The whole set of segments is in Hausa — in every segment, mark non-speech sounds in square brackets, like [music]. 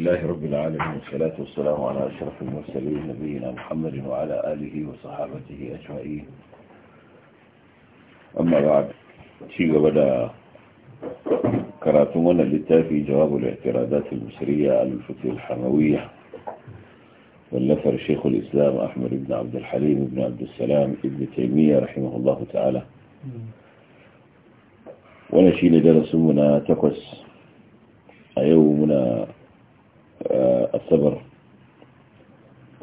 لله رب العالمين والصلاة والسلام على أشرف المرسلين نبينا محمد وعلى آله وصحابته أجمعين أما بعد شيء بدأ كراتمنا للتافي جواب الاعتراضات المصرية على الفتوى الحموية والنفر شيخ الإسلام أحمد بن عبد الحليم بن عبد السلام ابن تيمية رحمه الله تعالى ونشيل درس تقص أيومنا asabar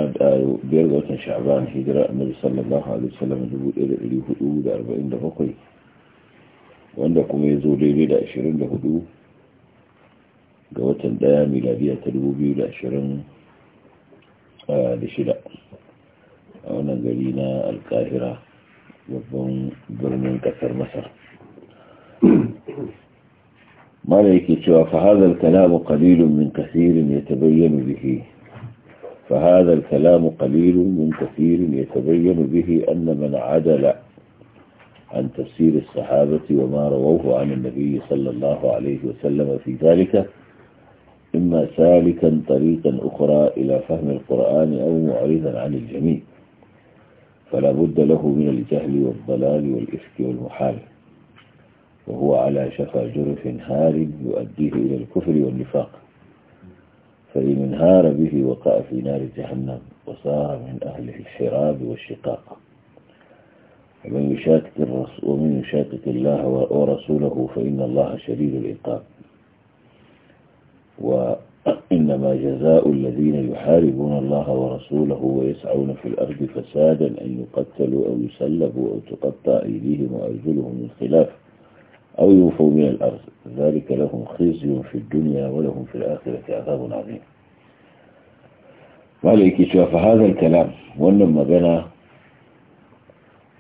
adayo biyar ga watan sha'ban hijira annabi sallallahu alaihi wasallam 1447 wanda kuma ya zo daidai da 24 ga watan daya miladiya ta 2026 a wannan gari na alkahira babban birnin kasar masar ما عليك سوى فهذا الكلام قليل من كثير يتبين به فهذا الكلام قليل من كثير يتبين به أن من عدل عن تفسير الصحابة وما رووه عن النبي صلى الله عليه وسلم في ذلك إما سالكا طريقا أخرى إلى فهم القرآن أو معرضا عن الجميع فلا بد له من الجهل والضلال والإفك والمحال وهو على شفا جرف هار يؤديه إلى الكفر والنفاق فإن انهار به وقع في نار جهنم وصار من أهل الحراب والشقاق ومن يشاكك, ومن يشاكك الله ورسوله فإن الله شديد العقاب وإنما جزاء الذين يحاربون الله ورسوله ويسعون في الأرض فسادا أن يقتلوا أو يسلبوا أو تقطع أيديهم وأرجلهم من خلافه أو يوفوا من الأرض ذلك لهم خزي في الدنيا ولهم في الآخرة عذاب عظيم مالك شاف هذا الكلام وانما بنى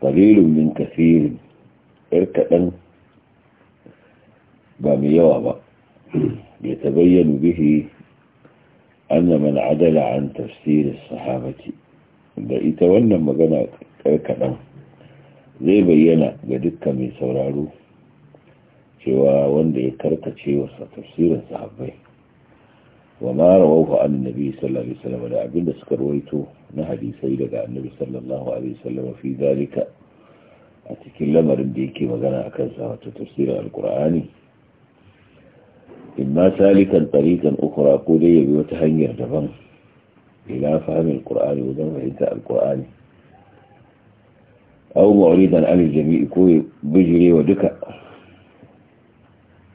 قليل من كثير ارتقا باميوابا يتبين به أن من عدل عن تفسير الصحابة بقيت وانما بنى ارتقا zai bayyana من dukkan mai cewa wanda ya karkace wasa tafsirin sahabbai wa ma rawahu annabi sallallahu alaihi wasallam da abinda suka rawaito na hadisai daga annabi sallallahu alaihi wasallam fi zalika a cikin lamarin da yake magana akan sa wato tafsirin alqur'ani imma salikan tariqan ukhra ko dai yabi wata hanyar daban ila fahimil qur'ani wajen fahimta alqur'ani aw mu'ridan an jami'i ko bijire wa duka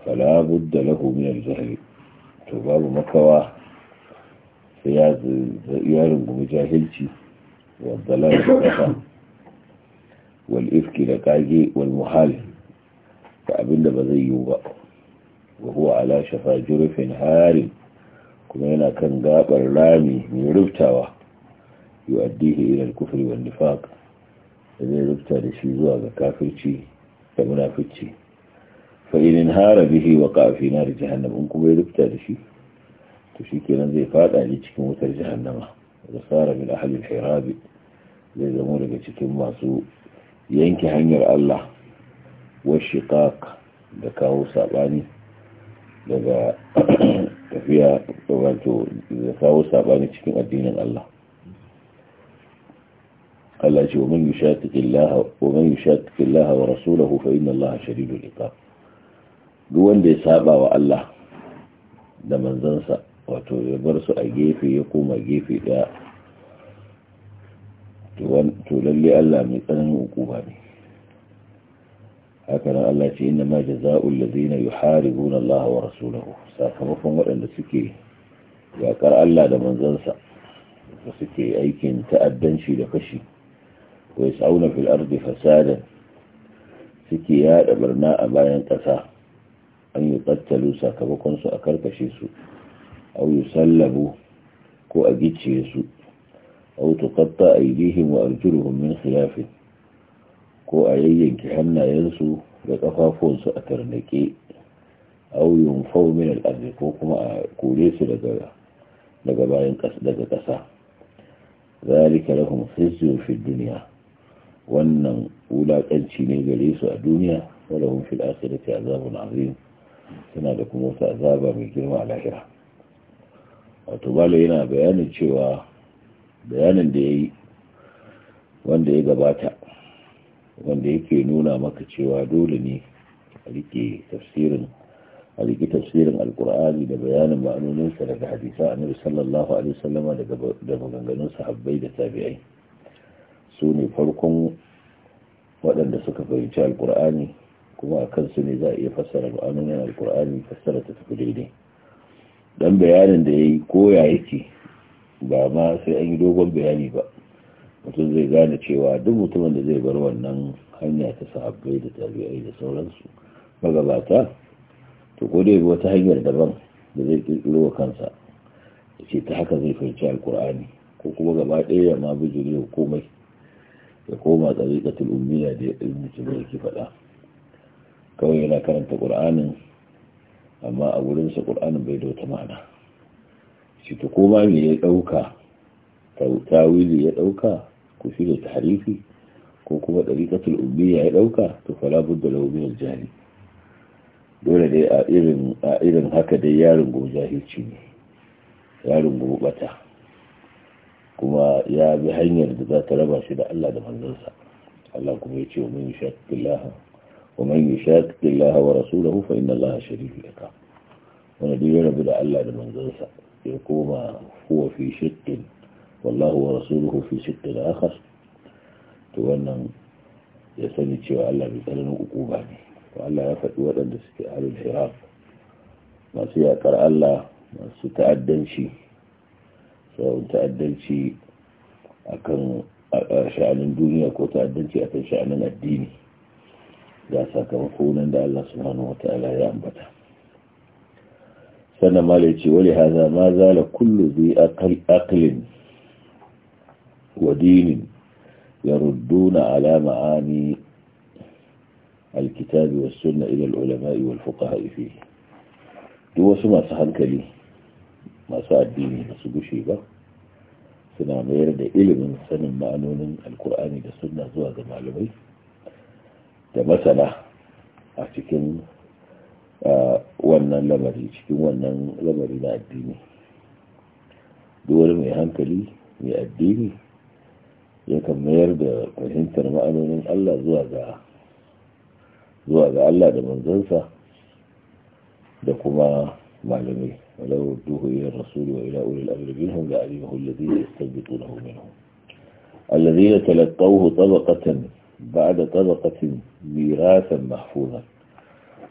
fala budda lahu min al to babu makawa sai ya ya rungumi jahilci wa dalal kafa wal ifki da kage wal muhal da abinda ba zai yiwu ba wa huwa ala shafa jurfin harin kuma yana kan gabar rami mai rubtawa yu'addihi ila al-kufri wan nifaq zai rubta da shi zuwa ga kafirci da munafici فإن انهار به وقع في نار جهنم أنكم بيدوك تادشي تشي كلام زي فات أن موتر جهنم وصار من أحد الحراب زي زمورة يتشك ماسو ينكي حنير الله والشقاق لكاو صاباني لذا تفيا [coughs] وانتو لكاو صاباني تشك الدين الله الله جو من يشاتك الله ومن يشاتك الله ورسوله فإن الله شديد العقاب duk wanda ya saba wa Allah da manzansa wato ya bar su a gefe ya koma gefe daya to Allah mai tsananin hukuma ne haka nan Allah ce na ma jazaa'ul ladina yuharibuna Allah wa rasulahu sakamakon waɗanda suke yakar Allah da manzansa da suke aikin ta'addanci da fashi ko yas'auna fil ardi fasadan suke yaɗa barna a bayan ƙasa an yi tsattalu sakamakonsu a karkashe su a yi sallabu ko a gicciye su a wuta kwatta a yi wa arjuruhun min khilafin ko a yayyanki hannayensu da kafafunsu a tarnake au yin faumin al'adu ko kuma a kore su daga bayan daga ƙasa zalika lahum khizyun fi duniya wannan wulaƙanci ne gare su a duniya ولهم في الآخرة عذاب عظيم suna da kuma wasu azaba mai girma a lahira wato bala yana bayanin cewa bayanin da ya yi wanda ya gabata wanda yake nuna maka cewa dole ne a rike tafsirin a rike tafsirin alkur'ani da bayanin ma'anoninsa daga hadisa annabi sallallahu alaihi wasallama da maganganun sahabbai da tabi'ai su ne farkon waɗanda suka fahimci alkur'ani kuma a kansu ne za a iya fassara ma'anonin alkur'ani fassara ta tafi daidai dan bayanin da ya yi koya yake ba ma sai an yi dogon bayani ba mutum zai gane cewa duk mutumin da zai bar wannan hanya ta sahabbai da tabi'ai da sauransu magabata to ko dai wata hanyar daban da zai kirkiro wa kansa da ce ta haka zai fahimci alkur'ani ko kuma gaba ɗaya ya ma bijire komai ya koma tsariƙatul ummiya da ya ilmi ce da yake faɗa kawai yana karanta ƙur'anin amma a wurinsa ƙur'anin bai da wata ma'ana shi ta koma ne ya ɗauka wili ya ɗauka ku fi da tarifi ko kuma ɗariƙatul ummiya ya ɗauka to fala budda lahu min dole dai a irin haka dai yarin gobe jahilci ne yarin gobe bata kuma ya bi hanyar da za ta raba shi da Allah da manzansa Allah kuma ya ce wa mun shaqillaha ومن يشاكك الله ورسوله فإن الله شديد العقاب ونبينا بدا الله لمن زنسى يقوم هو في شك والله ورسوله في شك آخر تولى يسني cewa Allah bai tsananin hukuma ne to Allah ya faɗi waɗanda suke halin hiraf masu yaƙar Allah masu ta'addanci sau ta'addanci akan sha'anin duniya ko ta'addanci akan sha'anin addini ga sakamako nan da Allah subhanahu wata'ala ya ambata sannan ma ce wali haza ma zala kullu bi aqlin wa dinin yarudduna ala ma'ani الكتاب والسنة إلى العلماء والفقهاء فيه duk wasu masu hankali masu addini ba su gushe ba suna mayar da ilimin sanin ma'anonin alkur'ani da sunna zuwa ga malamai da masana a cikin wannan lamari cikin wannan lamari na addini dole wani mai hankali mai addini ya kan mayar da fahimtar ma'anonin Allah zuwa ga zuwa ga Allah da manzansa da kuma malamai walau duhu ila rasul wa ila ulil amri minhum la alimahu alladhina yastanbitunahu minhum alladhina talaqawhu tabaqatan ba da tabakatin mirasan mahfuzan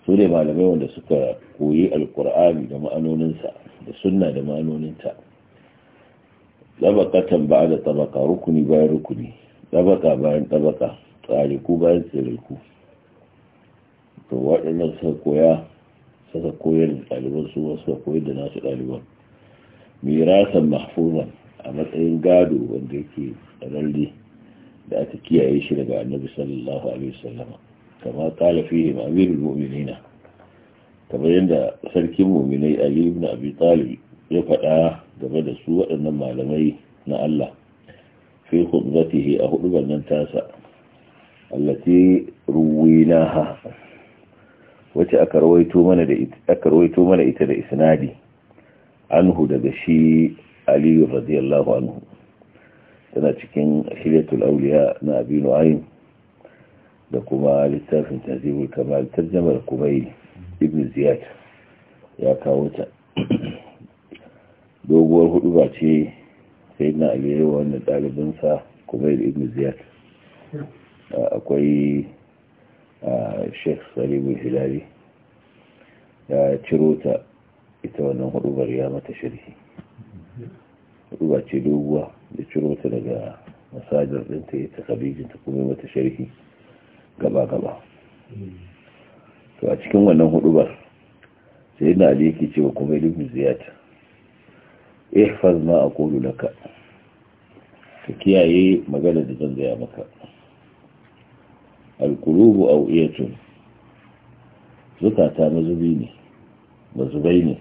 su ne malamai wanda suka koyi alkur'ani da ma'anoninsa da sunna da ma'anoninta tabakatan ba da tabaka rukuni bayan rukuni tabaka bayan tabaka tsariku bayan tsiriku to waɗannan suka koya suka koyar da suka koyar da nasu ɗaliban mirasan mahfuzan a matsayin gado wanda yake rarrabe da aka kiyaye shi daga annabi sallallahu alaihi wasallama kama kala fihi ma amirul mu'minina kamar yadda sarkin mu'minai ali ibn abi talib ya faɗa game da su waɗannan malamai na Allah fi khutbatihi a hudubar nan tasa allati ruwinaha wacce aka rawaito mana da ita aka rawaito mana ita da isnadi anhu daga shi ali radiyallahu anhu tana cikin hilyatul auliya na abi nu'aym da kuma littafin tazibul kamal tarjamar kubai ibn ziyad ya kawo ta doguwar hudu ba ce sai na aliyu wannan ɗalibinsa kubai ibn ziyad akwai sheikh salimu hilali ya ciro ta ita wannan hudubar ya mata sharhi ruwa ce doguwa da ciro ta daga masajar ɗinta ya ta kabijin ta kuma mata sharhi gaba-gaba to a cikin wannan hudubar sai na ali yake cewa kuma ilimin ziyata ihfaz a aqulu laka ka kiyaye magana da zan gaya maka alqulubu tun zukata mazubi ne mazubai ne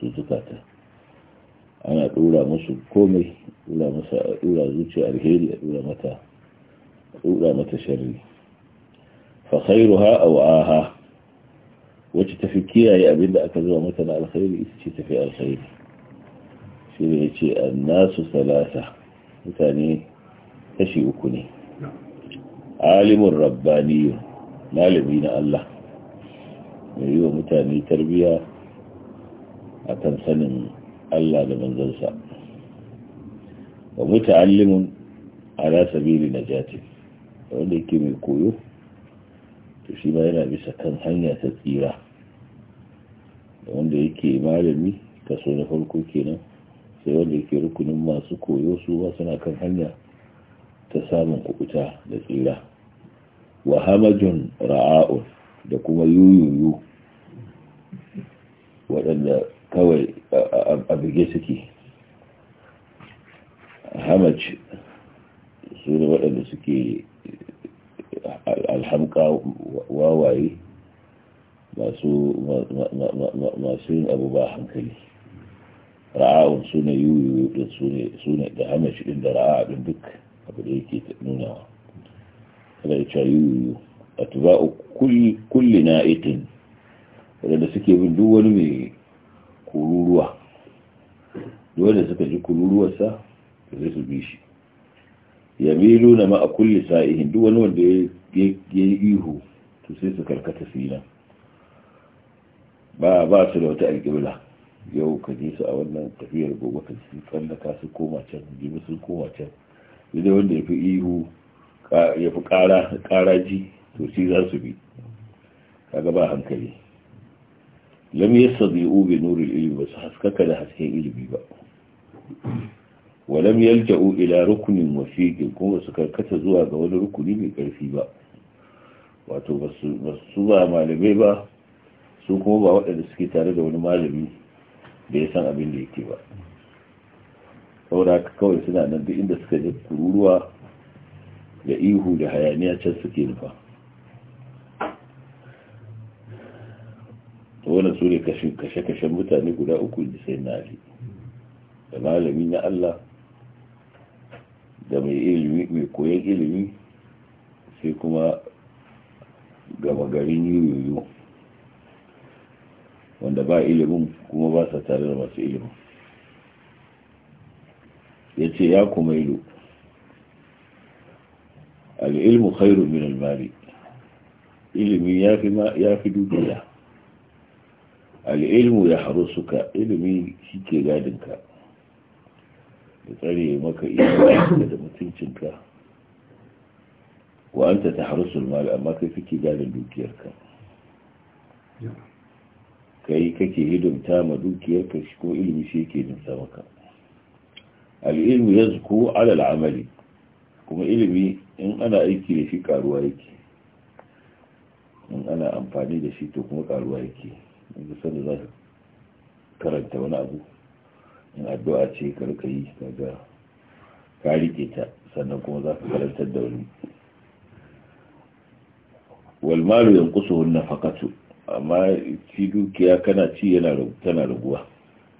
ke zukata ana dora musu komai dora a zuciya alheri a dora mata dora mata sharri fa khairuha aw aha wacce tafi kiyaye abinda aka zuwa mata na alkhairi ita ce tafi alkhairi shi ne yace annasu salasa mutane kashi uku ne alimun rabbaniyu malami na Allah mai yi wa mutane tarbiyya a kan sanin Allah da manzansa wa muta'allimun ala sabili najati wanda yake mai koyo to shi ma yana bisa kan hanya ta tsira wanda yake malami kaso na farko kenan sai wanda yake rukunin masu koyo su ba suna kan hanya ta samun kukuta da tsira wa hamajun ra'a'un da kuma yuyuyu waɗanda kawai a bige suke hamac su ne waɗanda suke eh, alhamka wawaye masu yin abu ba hankali ra'a'un su ne yiwu da su ne da hamac ɗin da ra'a ɗin duk abu da yake wa kada ya ce yiwu a tuba'u kulli na'itin waɗanda suke bin duk wani mai kururuwa dole suka ji kururuwarsa zai su bi shi ya milu na a kulli sa'ihin duk wani wanda ya yi ihu to sai su karkata su ba ba su da wata alƙibla yau ka ji su a wannan tafiyar gobe ka ji tsallaka su koma can jibi sun koma can idan wanda ya fi ihu ya fi ƙara ji to shi za su bi kaga ba hankali lam yastadi'u bi nuril ilmi basu haskaka da hasken ilimi ba walam yalja'u ila rukunin wasiqin kuma su karkata zuwa ga wani rukuni mai karfi ba wato basu ba malamai ba su kuma ba waɗanda suke tare da wani malami da ya san abin da yake ba saboda haka kawai suna nan duk inda suka ji kururuwa da ihu da hayaniya can suke nufa su ne kashe-kashen mutane guda uku da sai na ali da malami na Allah da mai ilimi koyon ilimi sai kuma gama garin yoyoyo wanda ba ilimin kuma ba sa tare da masu ilimin ya ce ya kuma ilu al'ilmu khairu min al mari ilimi ya fi dukiya al'ilmu ya haro suka ilimi shi ke gadinka da tsare maka iya da mutuncinka wa an ta ta haru sulmal amma kai kake gadin dukiyarka kai kake hidimta ma dukiyarka shi ko ilimi shi ke jin maka al'ilmu ya zuku alal amali kuma ilimi in ana aiki da shi karuwa yake in ana amfani da shi to kuma karuwa yake yanzu sanda za ka karanta wani abu in addu'a ce karka yi daga ka rike ta sannan kuma za ka karantar da wani walmalu yankusu nafaqatu amma ci dukiya kana ci yana tana raguwa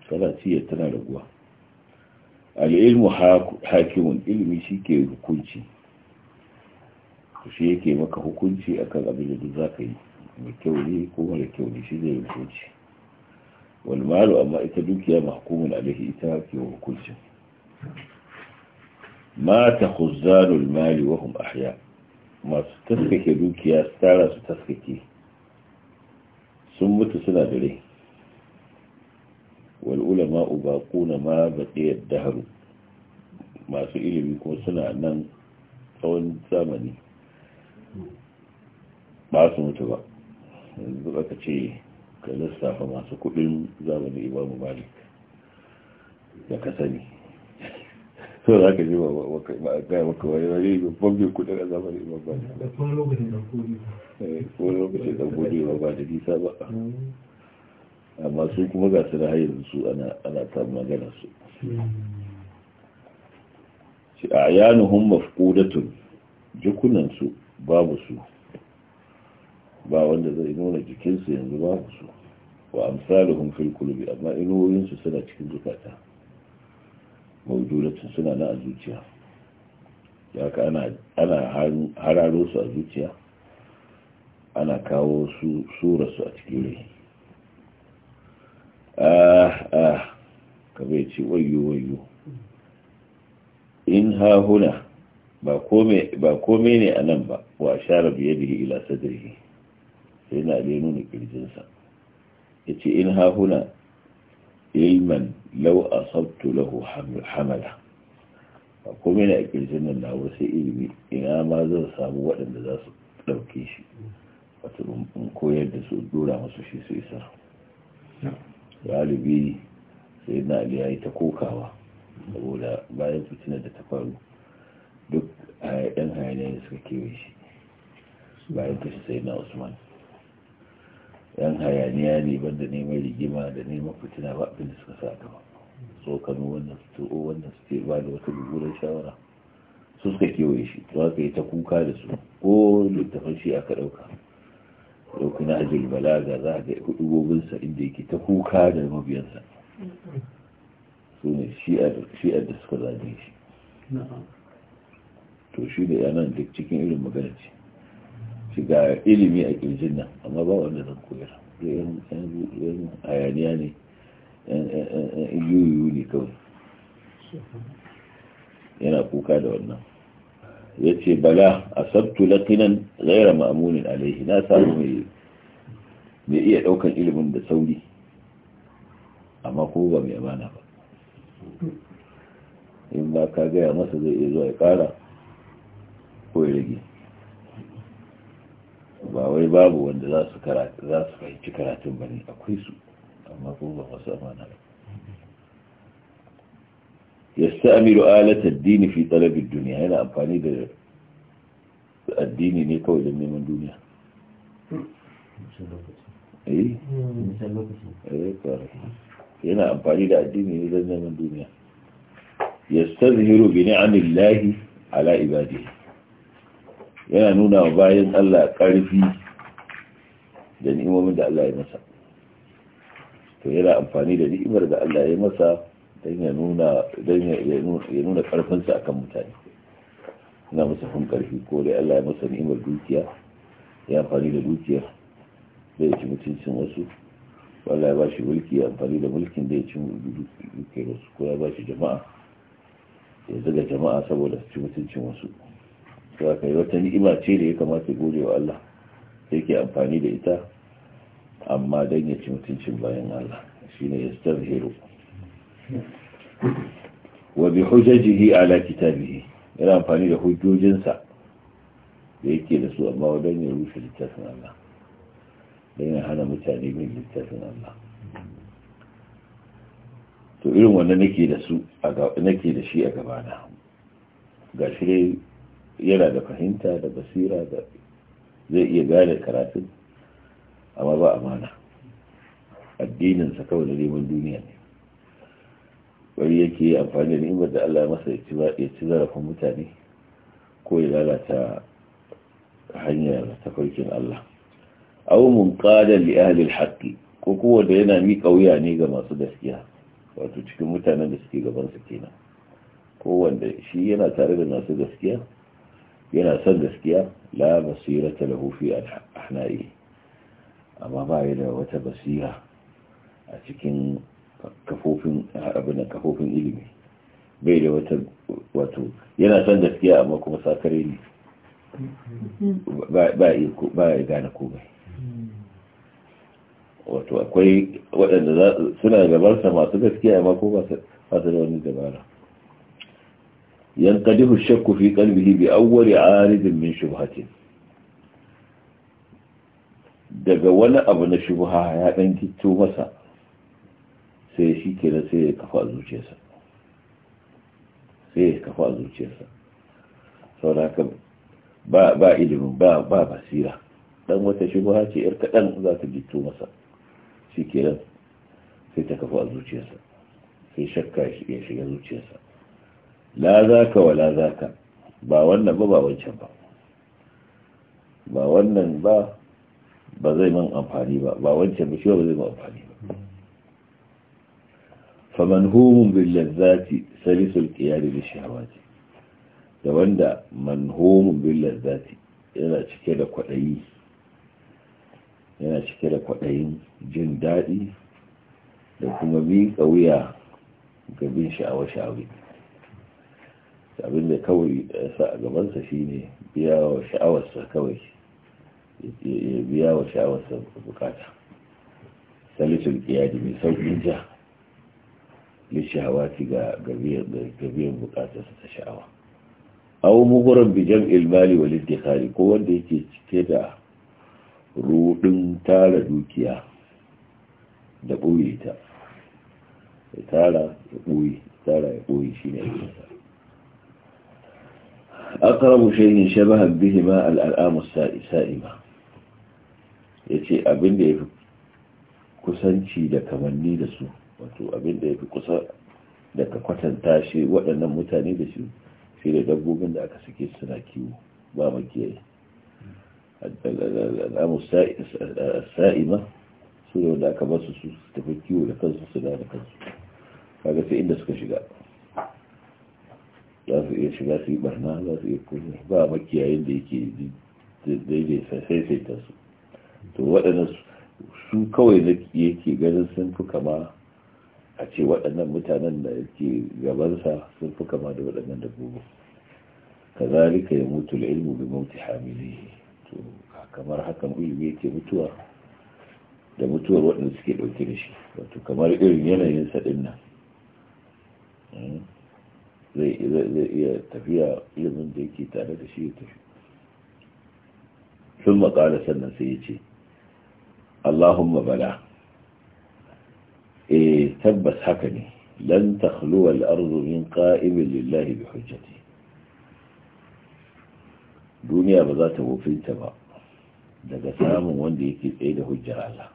kana ci tana raguwa al'ilmu hakimun ilimi shi ke hukunci shi yake maka hukunci akan abin da duk za ka yi mai kyau ne ko wani kyau ne shi zai hukunci Wani malu amma ita dukiya mahkumun alaihi ita ke hukuncin mata khuzzalul mali wa hum ahya masu taskake dukiya su tara su taskake sun mutu suna da rai wal ulama kuna ma baqiya dahru masu ilimi ko suna nan tsawon zamani ba su mutu ba yanzu aka ce ka lissafa masu kudin zamani imamu malik da ka sani [laughs] so za ka ji ba a gaya maka wani wani babban bin kudin a zamani imamu malik da kuma lokacin da kudi eh, ba ba da nisa ba mm. amma su kuma ga su da hayar su ana ta magana su mm. shi a yanuhun mafkudatun jikunansu babu su ba wanda zai nuna jikinsu yanzu ba su wa amsaluhum fil qulubi amma iloyin su suna cikin zukata mawjudatun suna na a zuciya ya ka ana hararo su a zuciya ana kawo su su a cikin rai ah ah kaba ya ce wayo wayo in ha huna ba kome ne anan ba wa shara biye da ila sadrihi sai na ne nuna kirjinsa ya ce in hahuna ilman lau a sabtu lahu hamala a kome na kirjin nan na wasu ilimi ina ma zan samu waɗanda za su ɗauke shi wata in koyar da su dora masu shi su isa galibi sai na ali yi ta kokawa saboda bayan fitinar da ta faru duk yan da suka kewaye shi bayan kashe sai na usman yan hayaniya ne banda neman rigima da neman fitina ba abin da suka sa ta so kano wannan su to wannan su ke ba da wata gugurar shawara su suka kewaye shi to aka yi ta kuka da su ko littafin shi aka ɗauka ɗauki na ajiyar balaga za a ga hudu inda yake ta kuka da mabiyansa su ne shi'ar da suka zane shi to shi da yanar duk cikin irin magana ce shiga ilimi a kirjin nan amma ba wanda zan koyar yan ayaniya ne yan yuyu ne kawai yana kuka da wannan ya ce bala a sabtu laƙinan zaira ma'amunin alaihi na samu mai iya ɗaukar ilimin da sauri amma ko ba mai amana ba in ba ka gaya masa zai iya zuwa ya ƙara ko ya rage ba wai babu wanda za su fahimci karatun ba ne akwai su amma kuma ba wasu amana ba ya Amiru alatar dini fi talabin duniya yana amfani da addini ne kawai don neman duniya eh? Eh, yana amfani da addini ne don neman duniya ya sa zihiru bi ni'amillahi ala ibadihi yana nuna wa bayan Allah ƙarfi da ni'imomin da Allah ya masa to yana amfani da ni'imar da Allah ya masa don ya nuna don ya nuna ƙarfinsa akan mutane yana masa kun ƙarfi ko dai Allah ya masa ni'imar dukiya ya amfani da dukiya da ya ci mutuncin wasu wala ya ba shi mulki ya amfani da mulkin da ya ci dukiyar wasu ko ya ba shi jama'a ya zaga jama'a saboda su ci mutuncin wasu ka kai wata ni'ima ce da ya kamata gode wa Allah yake amfani da ita amma don ya ci mutuncin bayan Allah shi ne ya shine yastazhiru wa bi hujajihi ala kitabihi yana amfani da hujjojinsa da yake da su amma don ya rufe littafin Allah da yana hana mutane min littafin Allah to irin wannan nake da su da shi a gabana ga shi yana da fahimta da basira da zai iya gane karatun amma ba amana addininsa kawai da neman duniya ne Wani yake amfani da ni'imar da Allah masa ya ci zarafin mutane ko ya lalata hanyar tafarkin Allah aw munqadan li ahalil al ko kowa da yana mi ƙauya ne ga masu gaskiya wato cikin mutanen da suke gabansa kenan kowanda shi yana tare da masu gaskiya yana son gaskiya la basira ta lahu fi ahnai amma ba da wata basira a cikin kafofin abin kafofin ilimi bai da wata wato yana son gaskiya amma kuma sakare ne ba ya gane komai wato akwai waɗanda suna gabarsa masu gaskiya amma ko ba su da wani dabara yanqadihu ash-shakku fi qalbihi bi awwal 'aridin min shubhatin daga wani abu na shubha ya dan kitto masa sai shi ke da sai ya kafa zuciyarsa sai ya kafa zuciyarsa Sau saboda haka ba ba ilimin ba ba basira dan wata shubha ce yar kadan za ta gitto masa shi kenan sai ta kafa zuciyarsa sai shakka ya shiga zuciyarsa la za ka wa la za ka ba wannan ba ba wancan ba ba wannan ba ba zai man amfani ba ba wancan ba shi ba zai man amfani ba famanhumun billazzati salisul qiyari bi shahawati da wanda manhomun billazzati yana cike da kwadayi yana cike da kwadayin jin dadi da kuma miƙa wuya ga bin sha'awa shawa abin da kawai sa a gabansa ne biya wa sha'awarsa kawai ya biya wa sha'awarsa bukata salisul kiyadi mai saukin ja lishawati ga gabiyar bukatarsa ta sha'awa aw muguran bijan ilmali Walid wal ko wanda yake cike da rudin tara dukiya da ɓoye ta ya tara ya boye tara ya boye shine aqrabu shay'in shabaha bihima al-al'amu sa'ima yace abin da yafi kusanci da kamanni da su wato abin da yafi kusa da ka waɗannan mutane da shi sai da dabbobin da aka sake suna kiwo ba makiyayi al'amu sa'ima su da aka basu su tafi kiwo da kansu su da kansu kaga sai inda suka shiga za su iya shiga su yi barna za su iya kuma ba makiyayin da yake daidai saisaita su to waɗannan su kawai na yake ganin sun fi kama a ce waɗannan mutanen da yake gabansa sun fi kama da waɗannan dabbobi kazalika ya mutu da ilmu da mauti hamili to kamar hakan ilimi yake mutuwa da mutuwar waɗanda suke ɗauke da shi wato kamar irin yanayin sa nan hmm? zai iya tafiya ilimin da yake tare da shi ya tafi sun makala sannan sai ya ce allahumma bala e tabbas haka ne lan takhluwa al'arzu min qa'imin lillahi bi hujjati duniya ba za ta wofinta ba daga samun wanda yake tsaye da hujjar Allah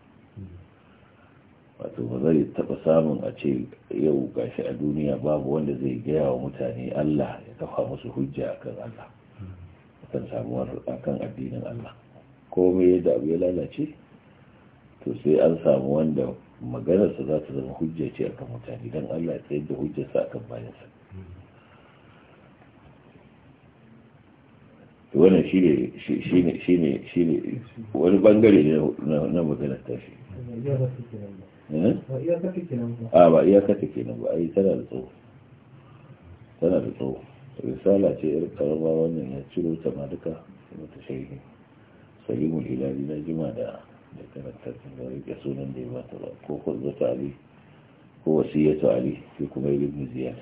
wato ba zai taɓa samun a ce yau gashi a duniya babu wanda zai gaya wa mutane Allah ya kafa musu hujja akan Allah akan samuwar akan addinin Allah ko komai da abu ya lalace to sai an samu wanda maganarsa za ta zama hujja ce akan mutane dan Allah ya tsayar da hujjarsa akan bayansa wannan shine ne wani bangare na maganar tashi إيه؟ آه إياك تكينا أبا أي سنة لطوف سنة لطوف رسالة جئر قرر وانا يتشلو تمالكا متشيه سليم الإلهي نجمع دا لكن التركن غريب يسونا ديما ترى كو خذة علي كو وسية علي في كميل بن زياد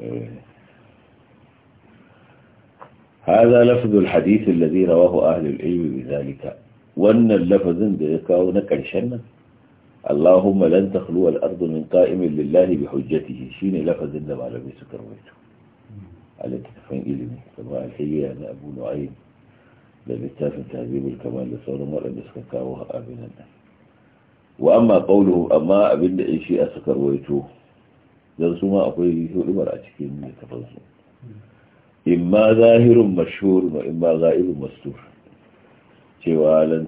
إيه. هذا لفظ الحديث الذي رواه أهل العلم بذلك وأن اللفظ ذلك ونكرشنا Allahuma lan takhlu al-ardu min qa'imin lillahi bi hujjatihi shine lafazin da malamai suka rawaito a ilimi kamar alhiyya na Abu Nu'aym da littafin Tahzibul Kamal da sauran waɗanda suka kawo abin nan wa amma qawluhu amma abinda ai shi a suka rawaito su ma akwai hudubar a cikin littafin su imma zahirun mashhur mastur cewa lan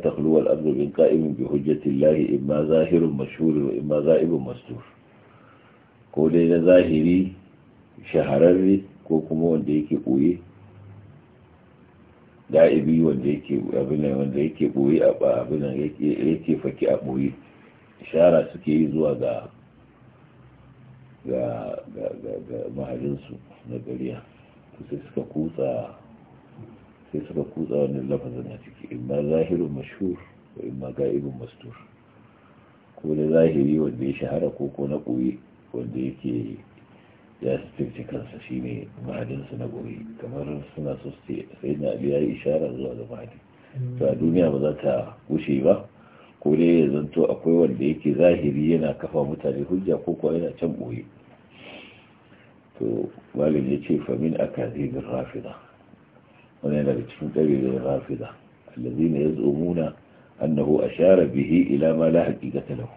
takhlu wal amru bi qa'imin bi hujjati llahi imma zahirun mashhur wa imma za'ibun mastur ko dai na zahiri shahararre ko kuma wanda yake koye da'ibi wanda yake abinan wanda yake boye a abinan yake faki a boye shara suke yi zuwa ga ga ga ga mahajinsu na gariya sai suka kusa. sai suka kutsa wani lafazin na ciki in ma zahirin mashhur ko in ma ga'ibin mastur ko da zahiri wanda ya shahara ko ko na ɓoye wanda yake ya sifirce kansa shi ne mahadinsu na ɓoye kamar suna so sai na abu ya yi ishara zuwa ga mahadin to a duniya ba za ta wuce ba ko dai ya zanto akwai wanda yake zahiri yana kafa mutane hujja ko kuwa yana can ɓoye to malin ya ce famin bin rafina. wani daga cikin ƙabilar rafida allazina yaz'umuna annahu ashara bihi ila ma la haqiqata lahu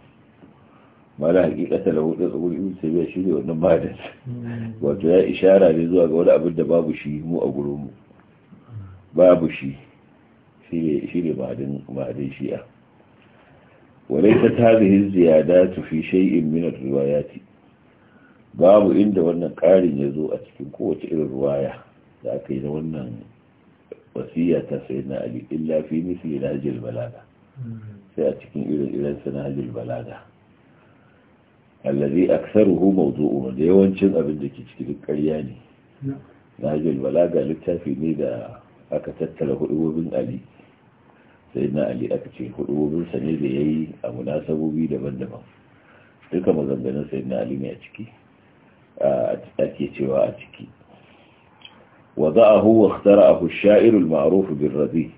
ma la haqiqata lahu da tsubul ibn tabiya shi ne wannan madan wato ya ishara ne zuwa ga wani abin da babu shi mu a gurin mu babu shi shirya shi ne ma'adin ma'adin shi'a وليست fi الزيادات في شيء من الروايات babu inda wannan ƙarin ya zo a cikin kowace irin ruwaya da aka yi na wannan wasiya ta sai na ali illa fi misli na hajjil balaga sai a cikin irin irin sa na hajjil balaga allazi aktsaruhu mawdu'un da yawancin abin da ke cikin ƙarya ne na hajjil balaga littafi ne da aka tattara hudubobin ali sai na ali aka ce hudubobin sa ne da yayi a munasabobi daban-daban duka maganganun sai na ali ne a ciki ake cewa a ciki وضعه واخترعه الشاعر المعروف بالردي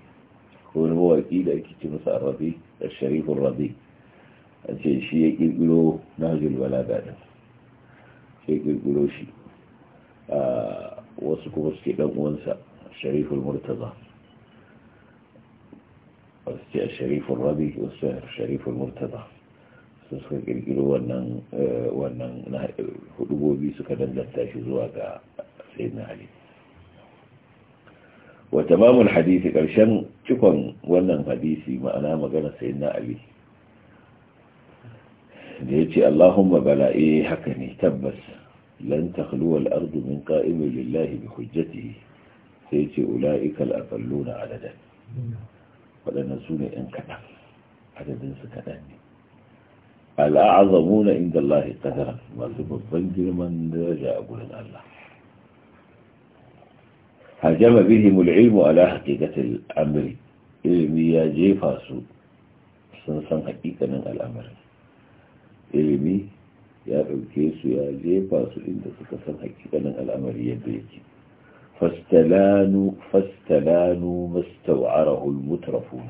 هو هو أكيد أكيد تنسى الردي الشريف الردي الشيء يقولوا نهج الولا بعد شيء يقولوا شيء آه، وصكو بسكي وانسى الشريف المرتضى الشريف الردي والسهر الشريف المرتضى سوسكي يقولوا وانن آه، وانن هدوبو بيسو كدن لتاشي زواجا سيدنا عليه wa tamamul hadisi karshen cikon wannan hadisi ma'ana magana sayyidina ali da ce Allahumma bala eh haka ne tabbas lan takhlu al ardu min qa'imin lillahi bi hujjatihi sai yace ulaika al afalluna adadan wadannan sune ɗan kaɗan adadin kaɗan ne al a'zamuna inda Allah qadara masu babban girman daraja a gurin Allah هجم بهم العلم على حقيقة الأمر إلمي يجي فاسو سنسان حقيقة من الأمر إلمي يا أبكيس يا جي فاسو إن تتسن حقيقة من الأمر يبيتي فاستلانوا فاستلانوا ما استوعره المترفون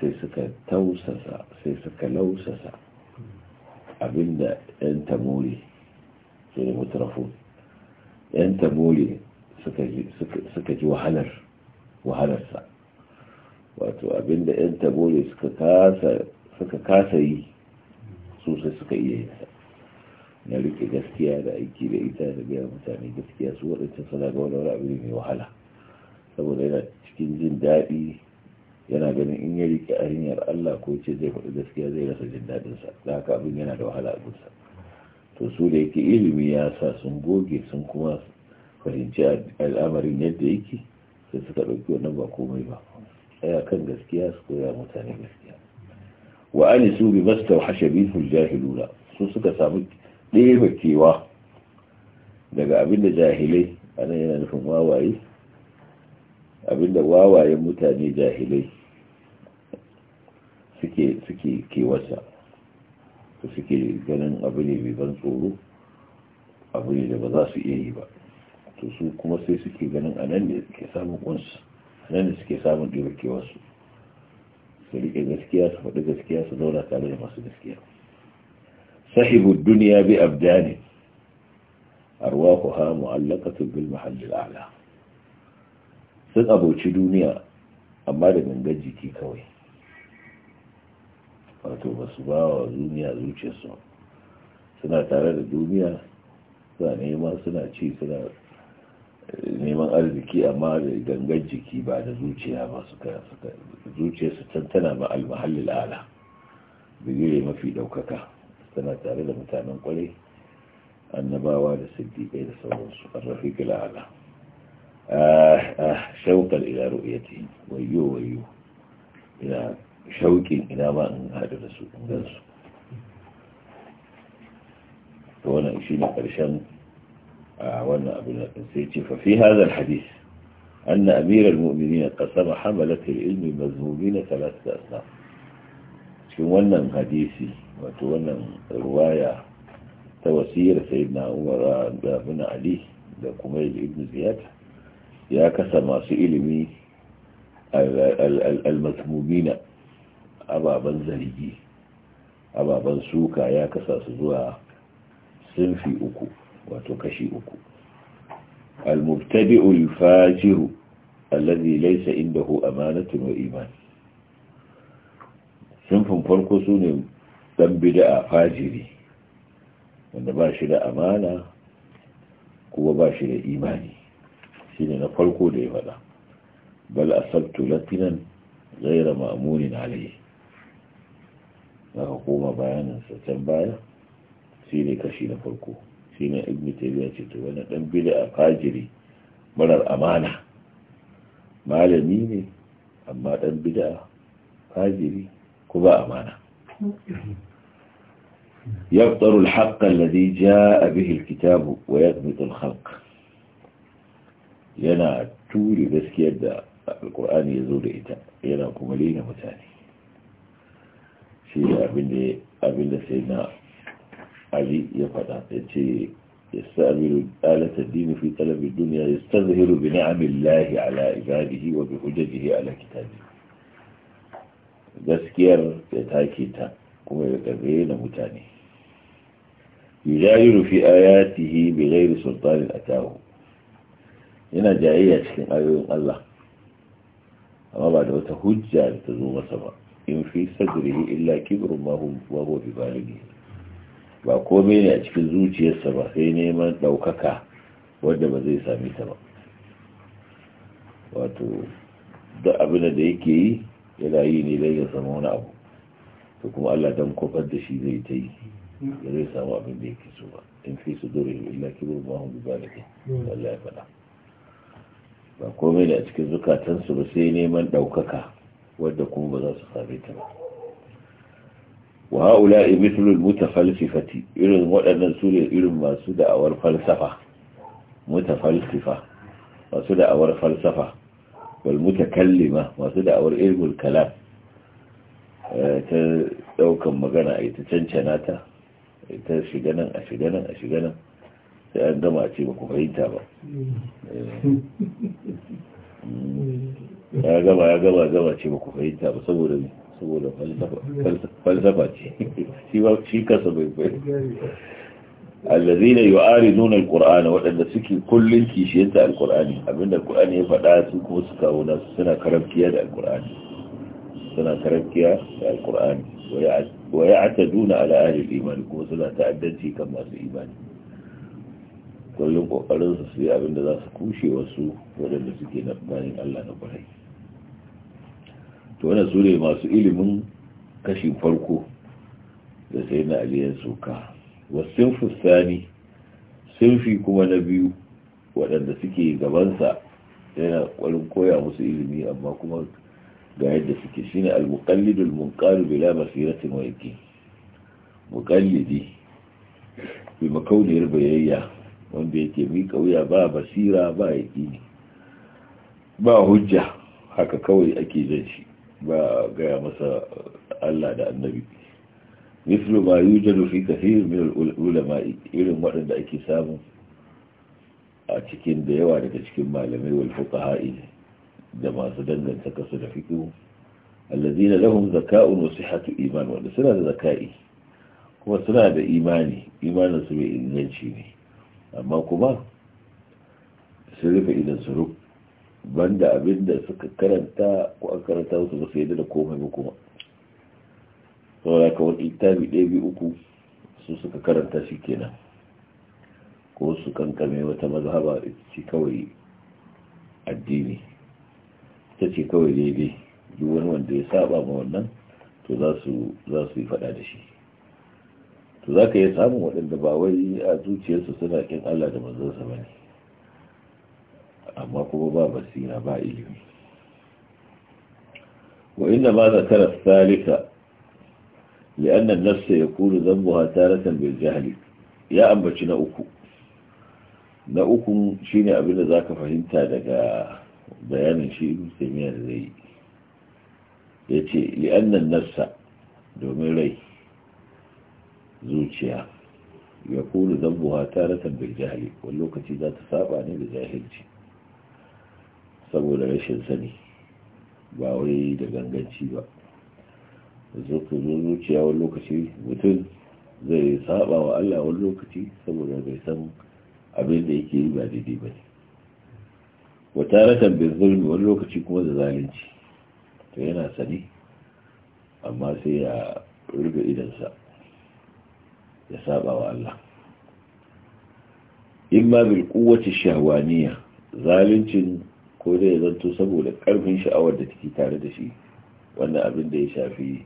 سيسك توسسا سيسك لوسسا أبنى أنت موري سيسك مترفون 'yan tabole suka ji wahalarsa wato abinda 'yan tabole suka kasa yi su sai suka iya yi na rike gaskiya da aiki da ita da biya mutane gaskiya su waɗancan suna ga wani abu mai wahala saboda yana cikin jin daɗi yana ganin in ya rike a hanyar Allah ko ce zai faɗi gaskiya zai rasa jin daɗinsa da haka abin yana da wahala a gusa to su da yake ilimi ya sa sun goge sun kuma fahimci al'amarin yadda yake sai suka ɗauki wannan ba komai ba aya kan gaskiya su koya mutane gaskiya wa ani su bi hashe hashabin jahiluna su suka samu ɗaya kewa daga abin da jahilai anan yana nufin wawaye abinda wawayen mutane jahilai suke kewarsa da suke ganin abu ne mai ban tsoro abu ne da ba za su iya yi ba to su kuma sai suke ganin a nan ne suke samun kunsu a ne suke samun su riƙe gaskiya su faɗi gaskiya su zauna tare da masu gaskiya sahibu duniya bi abdani ha mu'allaqatu bil mahallin a'la sun abuci duniya amma da gangan jiki kawai wato ba su ba wa duniya zuciyarsu suna tare da duniya suna neman suna ci suna eh, neman arziki amma da gangan jiki ba da zuciya ba suka zuciyarsu tantana ma almahallin ala bigire mafi daukaka suna tare da mutanen kwarai annabawa da siddiƙai da sauransu arrafiƙil ala ah ah shaukar ila ru'yati wayo wayo ina شوكي إلى ما هذا الرسول جلسوا وانا اشينا قرشان وانا ابن الاسيتي ففي هذا الحديث ان امير المؤمنين قسم حملة العلم المذهوبين ثلاثة اصناف وانا حديثي وانا رواية توسير سيدنا عمر بن علي لكميل ابن زياد يا كسر ما كسم سئلمي المذمومين ababen zargi ababen suka ya kasa su zuwa sinfi uku wato kashi uku al-mubtadi'u al-fajiru alladhi laysa indahu amanatun wa iman sinfin farko sune dan bid'a fajiri wanda ba shi da amana kuma ba shi da imani shine na farko da ya faɗa bal asabtu latinan ghayra ma'munin alayhi za ka koma bayaninsa can baya shi ne kashi na farko shi ne ibn tabiya ce to wani dan bid'a fajiri marar amana malami ne amma dan bid'a fajiri ba amana يبطر الحق الذي جاء به الكتاب ويغمط الخلق yana ture gaskiyar da alkur'ani ya zo da ita yana kuma lena mutane shi ne abin da sai na ali ya faɗa ya ce يستعمل آلة الدين في طلب الدنيا يستظهر ala ibadihi wa bi hujjatihi ala kitabi gaskiyar da take ta kuma ya gabe na mutane yujayiru fi ayatihi bi ghairi sultanin atahu yana jayayya cikin ayoyin Allah amma ba da wata hujja da ta zo masa ba in fi sadri illa kibru ma huwa bi balighi ba komai ne a cikin zuciyarsa ba sai neman daukaka wanda ba zai sami ta ba wato da abin da yake yi yana yi ne dan ya samu wani abu to kuma Allah dan kofar da shi zai ta yi ya zai samu abin da yake so ba in fi sadri illa kibru ma huwa bi balighi ba komai ne a cikin zukatansu ba sai neman daukaka wadda kuma ba za su sami ta ba wa haula mithlul mutafalsifati irin waɗannan su ne irin masu da'awar falsafa mutafalsifa masu da'awar falsafa wal mutakallima masu da'awar ilmul kalam eh, ta ɗaukan magana a ita cancana ta ta shiga nan a shiga nan a shiga nan sai an gama a ce ba ku fahimta ba mm. eh. [laughs] mm. ya gaba ya gaba gaba ce ba ku fahimta ba saboda ne saboda falsafa ce shi ba shi kasa bai bai allazina yu'ariduna alqur'ana wadanda suke kullun kishiyanta alqur'ani abinda alqur'ani ya faɗa su kuma su kawo na suna karamkiya da alqur'ani suna karamkiya da alqur'ani wa ya'taduna ala ahli al-iman kuma suna ta'addanci kan masu imani kullun kokarin su su yi abinda za su kushe wasu wadanda suke na bayan Allah na kur'ai. to wannan su masu ilimin kashin farko da sai na aliyar soka wasu fustani sunfi kuma na biyu waɗanda suke gabansa yana ƙwarin koya musu ilimi amma kuma ga yadda suke shine al-muqallidul munqalu bila basiratin wa yaqin muqallidi bi makauniyar bayayya wanda yake mi kauya ba basira ba yaqini ba hujja haka kawai ake zai shi ba gaya masa Allah da annabi mislu ma yujadu fi kathir min ulama irin waɗanda ake samu a cikin da yawa daga cikin malamai wal fuqaha'i da masu danganta kasu da fiqh allazina lahum zaka'un wa sihhatu iman wanda suna da zaka'i kuma suna da imani imanin su mai inganci ne amma kuma sun rufe idan su banda abin da suka karanta ko an karanta su ba su yadda da komai ba kuma sau ka wani littafi ɗaya biyu uku su suka karanta shi kenan ko su kankame wata mazhaba ce kawai addini ta ce kawai daidai duk wani wanda ya saba ma wannan to za su yi faɗa da shi to za ka iya samun waɗanda ba wai a zuciyarsu suna ƙin Allah da manzansa ba ne amma kuma ba basira ba ilimi wa inda ma zakara salika liannan nassa ya kuru zambo ha taratan bil jahili ya ambaci na uku na uku shine abin da zaka fahimta daga bayanin shi ibn taymiya da zai yace liannan nassa domin rai zuciya ya kuru zambo ha taratan bil jahili wani lokaci za ta saba ne da jahilci saboda rashin sani ba wai da ganganci ba zo zo zuciya wani lokaci mutum zai saba wa Allah wani lokaci saboda bai san abin da yake yi ba daidai ba ne wata ratan bin zulmi wani lokaci kuma da zalunci to yana sani amma sai ya rufe idansa ya saba wa Allah in ma bil kuwace shahwaniya zaluncin ko dai ya zanto saboda karfin sha'awar da take tare da shi wannan abin da ya shafi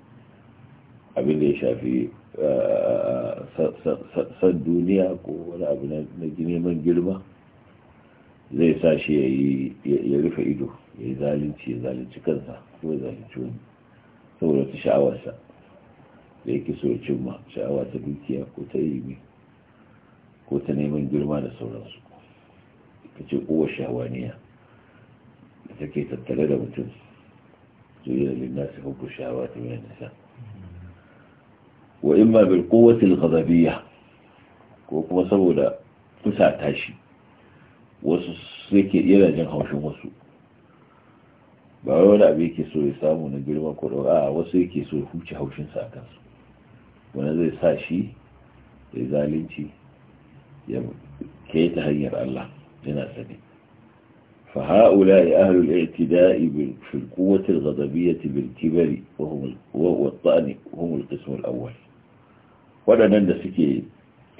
abin da ya shafi eh, san duniya ko wani abu na neman girma zai sa shi ya rufe ido ya yi zalunci ya zalunci kansa ko ya zalunci wani saboda ta sha'awarsa da ya kiso cimma sha'awa ta dukiya ko ta ilimi ko ta neman girma da sauransu ka ce kowa shawaniya take tattare da mutum zuyar linnasi hukku ta yi nisa wa ma bil quwwati al ko kuma saboda kusa tashi wasu suke yana jin haushin wasu ba wai wani abu yake so ya samu na girma ko a wasu yake so ya huce haushinsa a kansu wani zai sa shi ya zalunci ya ta hanyar Allah yana sani فهؤلاء أهل الاعتداء في القوة الغضبية بالكبر وهم والطأن وهم القسم الأول ولا ننسك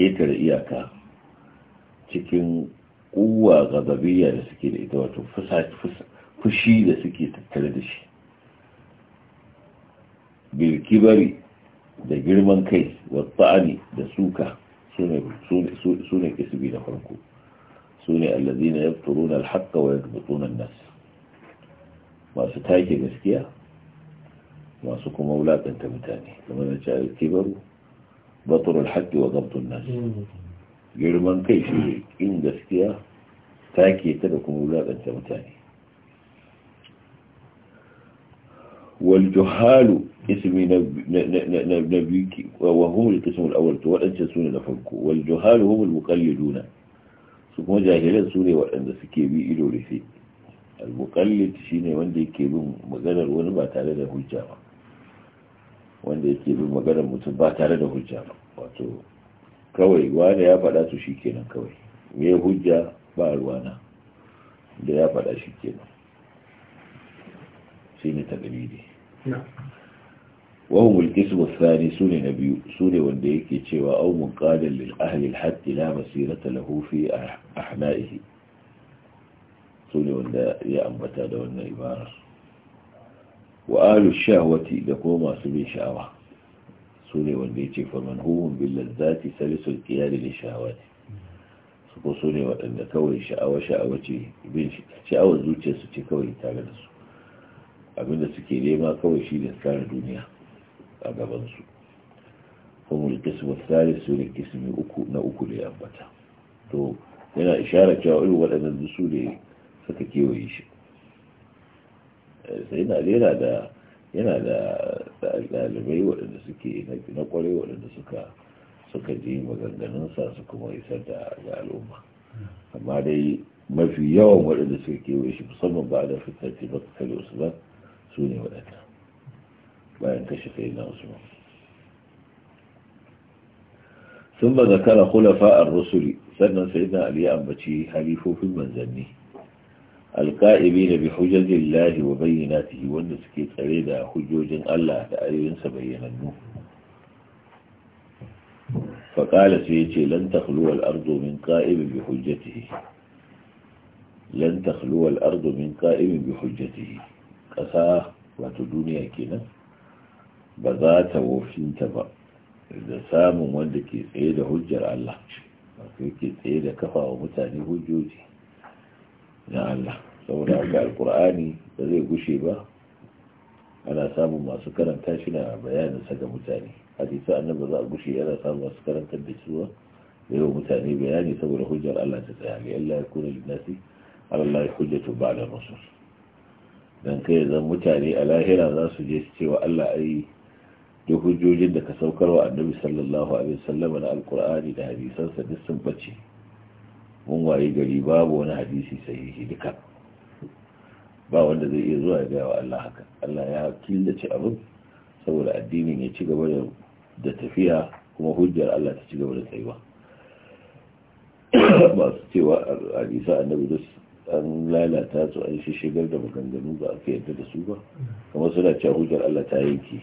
إيتر إياكا تكن قوة غضبية لسك الإدواء فسعة فشي لسك تتلدش بالكبر da girman kai والطعن ta'ani da suka sune sune sune kisbi da سوني الذين يبطلون الحق ويضبطون الناس واسو تايكي قسكيا واسو كمولاك انت متاني لما نجاء الكبر بطل الحق وضبط الناس يقولوا من كيف إن قسكيا تايكي تبقى كمولاك انت متاني والجهال اسم نبيك وهم القسم الأول والأنسسون لفنكو والجهال هم المقلدون su kuma jahilan su ne waɗanda suke bi ido rufe al-muqallid shine wanda yake bin maganar wani ba tare da hujja ba wanda yake bin maganar mutum ba tare da hujja ba wato kawai wani ya faɗa su shikenan kawai me hujja ba ruwana da ya faɗa shikenan shine dalili na'am وهم القسم الثاني سنة نبي سنة وانديك يتشوى أو منقادا للأهل الحد لا مسيرة له في أحمائه سنة واندا يأمتا دون عبارة وآل الشهوة لكوما سبين شعوة سنة وانديك فمن هم باللذات سلس القيال للشهوات سكو سنة واندا كوي شعوة شعوة شعوة زوجة سكو كوي تعالى نسو abinda suke nema kawai shi ne tsara duniya a gabansu humul kismu salis su ne uku na uku da ya bata, to yana ishara cewa irin waɗannan su ne suka kewaye shi eh, sai na yana da yana da ɗalibai waɗanda suke na ƙwarai waɗanda suka suka je maganganunsa su kuma isar da ga al'umma amma dai mafi yawan waɗanda suka kewaye shi musamman ba da fitar ce ba su ne waɗannan. ينكشف إلا أسبوع ثم ذكر خلفاء الرسل سنة سيدنا علي أنبتي حليفه في المنزل القائمين بحجج الله وبيناته والنسكي تريد حجوج الله تأيين سبين النور فقال سيدي لن تخلو الأرض من قائم بحجته لن تخلو الأرض من قائم بحجته قصاه وتدوني أكينا ba za ta wofinta ba da samun wanda ke tsaye da hujjar Allah wato ke tsaye da kafa wa mutane hujjoji na Allah saboda haka alkur'ani ba zai gushe ba ana samun masu karanta shi na bayaninsa ga mutane hadisa annaba za a gushe yana samun masu karantar da ciwa da mutane bayani saboda hujjar Allah ta tsaya mai Allah ya kuna linnasi Allah ya hujjatu ba da masu. dan kai zan mutane a lahira za su je su cewa Allah yi. da hujjojin da ka saukar wa annabi sallallahu alaihi wasallam na alkur'ani da hadisansa duk sun bace mun waye gari babu wani hadisi sahihi duka ba wanda zai iya zuwa ga wa Allah haka Allah ya killace abin saboda addinin ya ci gaba da tafiya kuma hujjar Allah ta ci gaba da tsayuwa [coughs] masu cewa hadisa annabi da an lalata su an shigar da maganganu ba a yadda da su ba kamar suna cewa hujjar Allah ta yanke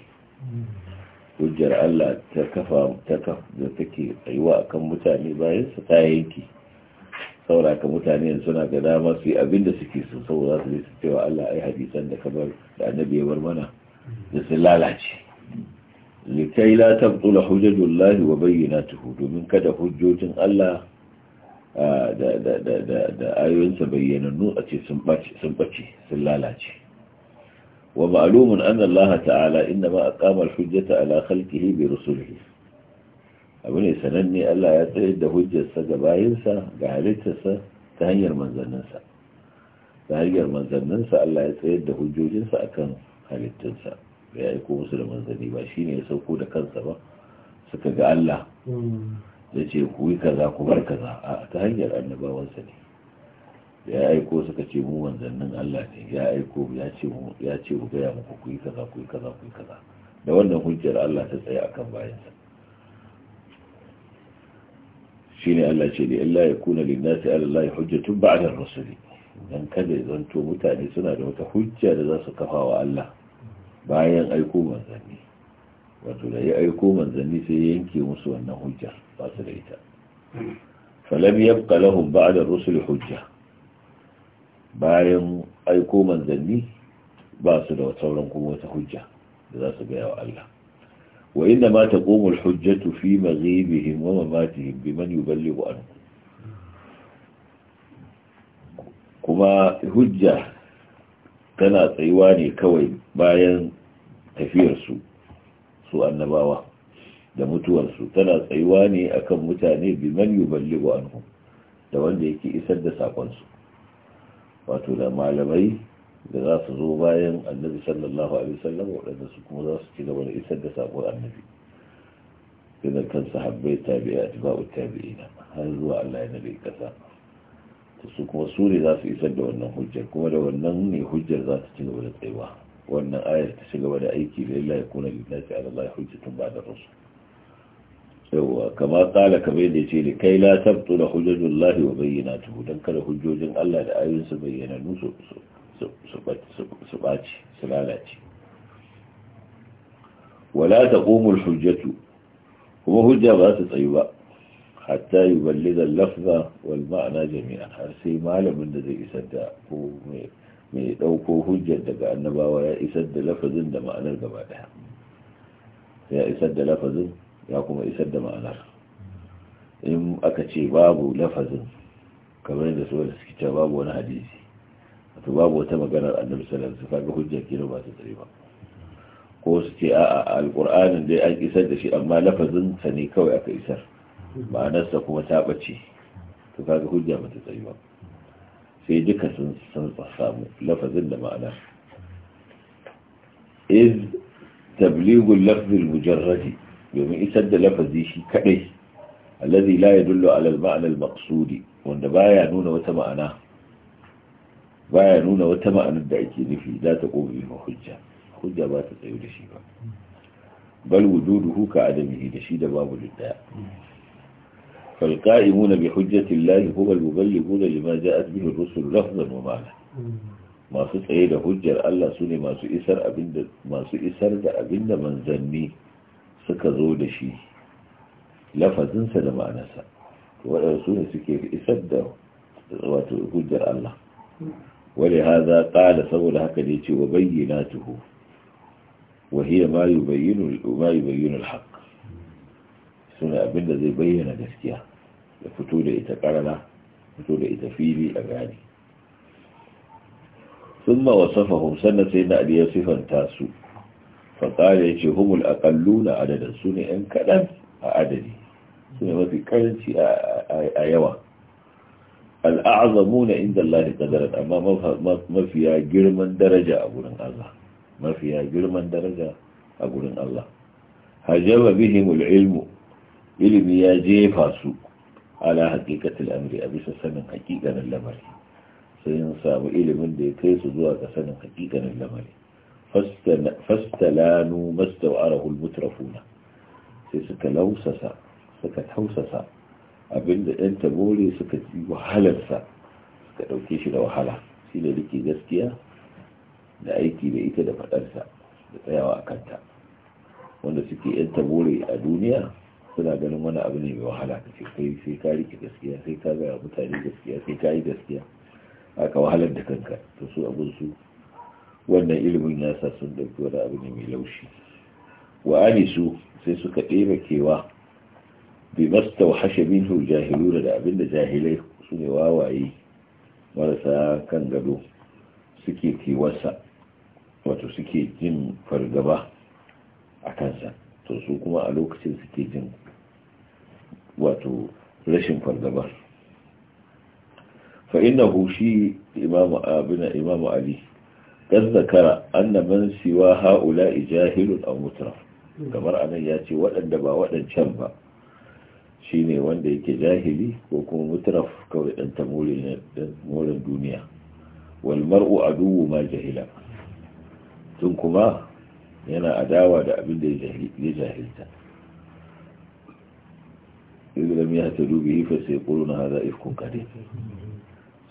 hujjar Allah ta kafa ta da take tsayuwa akan mutane bayan su ta yanki sauraka mutane suna ga dama su yi abin da suke so saboda su su cewa Allah ai hadisan da kabar da annabi ya bar mana da sun lalace likai la tabtula hujjatullahi wa bayyinatuhu domin kada hujjojin Allah ah, da da da da ayoyinsa bayyanannu a ce sun bace sun lalace ومعلوم أن الله تعالى إنما أقام الحجة على خلقه برسله أبني سنني ألا يتعد حجة سجبا ينسى قالت تهير من ننسى تهير من ننسى ألا يتعد حجة ينسى أكن قالت تنسى ويأيكو مسلم من ذني باشين يسوكو لكن سبا سكا قال الله لجي كوي كذا كبر كذا تهير أن أنبا ونسني ya aiko suka ce mu wanzannin Allah ne ya aiko ya ce mu ya ce mu ga muku ku yi kaza ku yi kaza ku yi kaza da wannan hujjar Allah ta tsaya akan bayansa shine Allah ce da illa yakuna linnasi ala Allah tun ba'da ar-rusuli dan kada zanto mutane suna da wata hujja da za su kafa wa Allah bayan aiko manzanni wato da ya aiko manzanni sai ya yanke musu wannan hujja ba su da ita falam yabqa lahum ba'da ar-rusuli hujja bayan aiko manzanni ba su da sauran kuma wata hujja da za su gaya wa Allah wa inda ma ta ƙomul hujjatu fi maghibihim wa mamatihim bi man kuma hujja tana tsayuwa ne kawai bayan tafiyarsu su annabawa da mutuwarsu tana tsayuwa ne akan mutane bi man yuballighu anhu da wanda yake isar da sakonsu wato da malamai da za su zo bayan annabi sallallahu alaihi wasallam waɗanda su kuma za su ci gaba da isar da sabon annabi daga kan sahabbai tabi'a atba'u tabi'ina har zuwa Allah ya nabi kasa to su kuma su ne za su isar da wannan hujjar kuma da wannan ne hujjar za ta ci gaba da tsayuwa wannan ayar ta ci gaba da aiki lillahi kuna lillahi ala Allah hujjatun da rasul yauwa kama kala kamar yadda ce da kai la tabto da hujjojin Allah wa bayyana ta don kada hujjojin Allah da su bayyana nusu su ɓaci su lalace wala ta ƙomul hujjatu kuma hujja ba su tsayu ba hatta yi ballizan lafza wal ma'ana jami'a har sai malamin da zai isar da ko mai ɗauko hujjar daga annabawa ya isar da lafazin da ma'anar gaba ɗaya ya isar da lafazin ya kuma isar da ma'anar in aka ce babu lafazin kamar yadda su suke cewa babu wani hadisi wato babu wata maganar annabi sallallahu alaihi wasallam hujja kira ba ta tsare ba ko su ce a alƙur'anin dai an isar da shi amma lafazin sa ne kawai aka isar ma'anarsa kuma ta ɓace to kaga hujja ba ta tsare ba sai duka sun san samu lafazin da ma'ana iz tabligul lafzil mujarradi domin isar da lafazi shi kadai allazi la yadullu ala al-ma'na al-maqsudi wanda baya nuna wata ma'ana baya nuna wata da ake nufi za ta kobe ma hujja hujja ba ta tsayo da shi ba bal wujuduhu ka adamihi da shi da babu dudda فالقائمون بحجة الله هم المبلغون لما جاءت به الرسل لفظا ومعنى ما سطعي لحجة الله سنة ما سئسر أبند ما سئسر أبند من زني suka zo da shi lafazinsa da ma'anarsa waɗansu ne suke isar da wato hujjar Allah wale za ƙala saboda haka ne ce wa bayyana tuhu wa hiya ma yubayyinu al-haq suna abinda zai bayyana gaskiya da fito da ita ƙarara fito da ita fili a gani ثم وصفهم sai na أبي يصفا su. faƙala ya ce humul a aƙalluna adadin su ne ‘yan kaɗan a adadi su ne mafi ƙaranci a yawa al'azamu na inda Allah da amma mafiya girman daraja a gurin Allah mafiya girman daraja a gurin Allah hajjaba bihimul ilmu ilimi ya jefa su ala haƙiƙatul amri a bisa sanin haƙiƙanin lamari sai yin samu ilimin da ya kai su zuwa ga sanin haƙiƙanin lamari fastalanu mastawarahu almutrafuna sai suka lausasa suka tausasa abinda ɗan tabore suka ci wahalarsa suka ɗauke shi da wahala shi da rike gaskiya da aiki da ita da faɗarsa da tsayawa a kanta wanda suke yan tabore a duniya suna ganin wani abu ne mai wahala ka ce kai sai ka rike gaskiya sai ka gaya mutane gaskiya sai ka yi gaskiya aka wahalar da kanka to su abin su wannan ilimin yasa sun ɗauki wani abu ne mai laushi wa anisu sai suka ɗeba kewa bi masta hashe minhu jahilu da abin da jahilai su ne wawaye marasa kan gado suke kewarsa wato suke jin fargaba a kansa to su kuma a lokacin suke jin wato rashin fargabar na hushi imamu abin imamu ali kan zakara annaban siwa haula ijahilun aw mutraf kamar anan ya ce waɗanda ba waɗancan ba shine wanda yake jahili ko kuma mutraf kawai dan tamurin duniya wal mar'u aduwwu ma jahila tun kuma yana adawa da abin da ya jahilta idan lam yahtadu bihi fa sayquluna hadha ifkun kadir